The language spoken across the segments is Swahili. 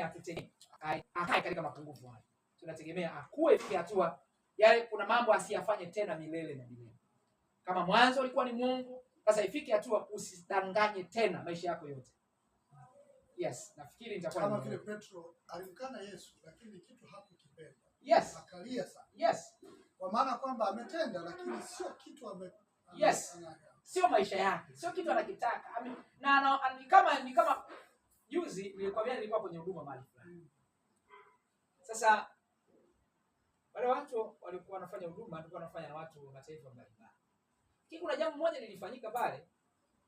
akae katika mapungufu hayo. Tunategemea akue, fikia hatua yale, yaani, kuna mambo asiyafanye tena milele na milele. Kama mwanzo alikuwa ni Mungu, sasa ifike hatua usidanganye tena maisha yako yote. Yes, nafikiri nitakuwa kama vile Petro alimkana Yesu, lakini kitu hakukipenda. Yes, akalia sana. Yes, kwa maana kwamba ametenda, lakini sio kitu ame, ame yes, sio maisha yake, sio kitu anakitaka na, na, na, ni kama ni kama juzi nilikwambia nilikuwa kwenye huduma mali fulani. Mm. Sasa wale watu walikuwa wanafanya huduma, tulikuwa wanafanya na watu mataifa mbalimbali. Lakini kuna jambo moja lilifanyika pale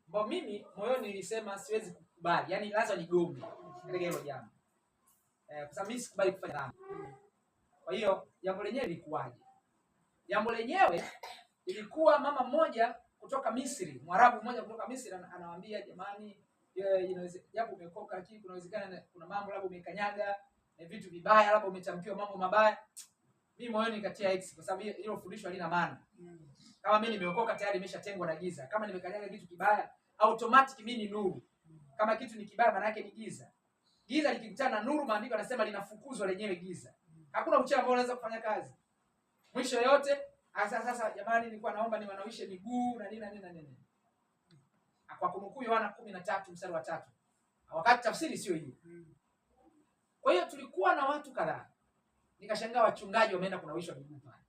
ambao mimi moyoni nilisema siwezi kukubali, yani lazima nigome katika hilo jambo. Eh, kwa sababu mimi sikubali kufanya dhambi. Kwa hiyo jambo lenyewe lilikuwaje? Jambo lenyewe ilikuwa mama mmoja kutoka Misri, Mwarabu mmoja kutoka Misri anawaambia jamani japo umekoka, lakini kuna kuna mambo labda umekanyaga na vitu vibaya, labda umetamkiwa mambo mabaya. Mimi moyoni nikatia X kwa sababu hilo fundisho halina maana. Kama mimi nimeokoka tayari nimeshatengwa na giza. Kama nimekanyaga kitu kibaya, automatic mimi ni nuru. Kama kitu ni kibaya, maana yake ni giza. Giza likikutana na nuru, maandiko yanasema linafukuzwa lenyewe giza. Hakuna uchawi ambao unaweza kufanya kazi. Mwisho yote, sasa sasa, jamani, nilikuwa naomba niwanawishe miguu na nini na nini na nini kwa kunukuu Yohana kumi na tatu mstari wa tatu wakati tafsiri sio hiyo. Kwa hiyo tulikuwa na watu kadhaa, nikashangaa wachungaji wameenda kunawishwa miguu pale,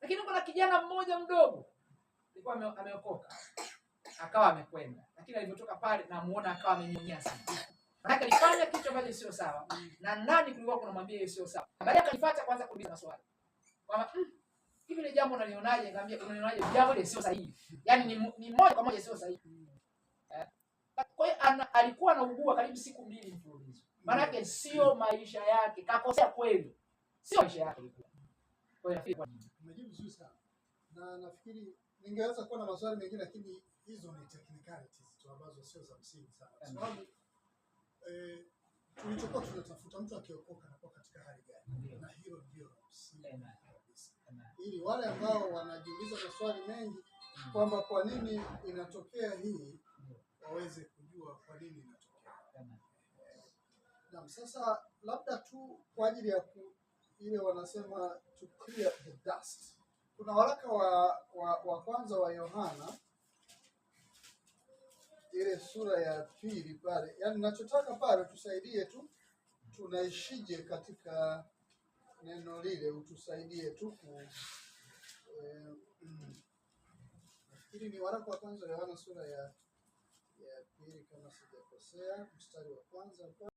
lakini kuna kijana mmoja mdogo alikuwa ameokoka akawa amekwenda, lakini alivyotoka pale namuona akawa amenyonyea sana Maana alifanya kitu ambacho sio sawa, na ndani kulikuwa kunamwambia hiyo sio sawa. Baadaye akanifuata kwanza kuuliza maswali kwamba mm, hivi ni jambo unalionaje? Niambia unalionaje? Jambo ile sio sahihi, yaani ni, ni moja kwa moja sio sahihi eh? Kwa hiyo alikuwa anaugua karibu siku mbili mfululizo, maana yake sio maisha yake, kakosea kweli, sio maisha yake. Kwa hiyo nafikiri kwa nini umejibu vizuri sana, na nafikiri ningeweza kuwa na maswali mengine, lakini hizo ni technicalities tu ambazo sio za msingi sana, kwa sababu eh, tulichokuwa tunatafuta mtu akiokoka anakuwa katika hali gani, na hiyo ndio msingi kabisa ili wale ambao wanajiuliza maswali mengi kwamba kwa nini inatokea hii waweze kujua kwa nini inatokea. Naam, sasa labda tu kwa ajili ya ku, ile wanasema to clear the dust. Kuna waraka wa, wa, wa kwanza wa Yohana ile sura ya pili pale, yaani nachotaka pale tusaidie tu tunaishije katika neno lile utusaidie tu ku e, mm. nafikiri ni waraka wa kwanza Yohana sura ya ya pili kama sijakosea mstari wa kwanza.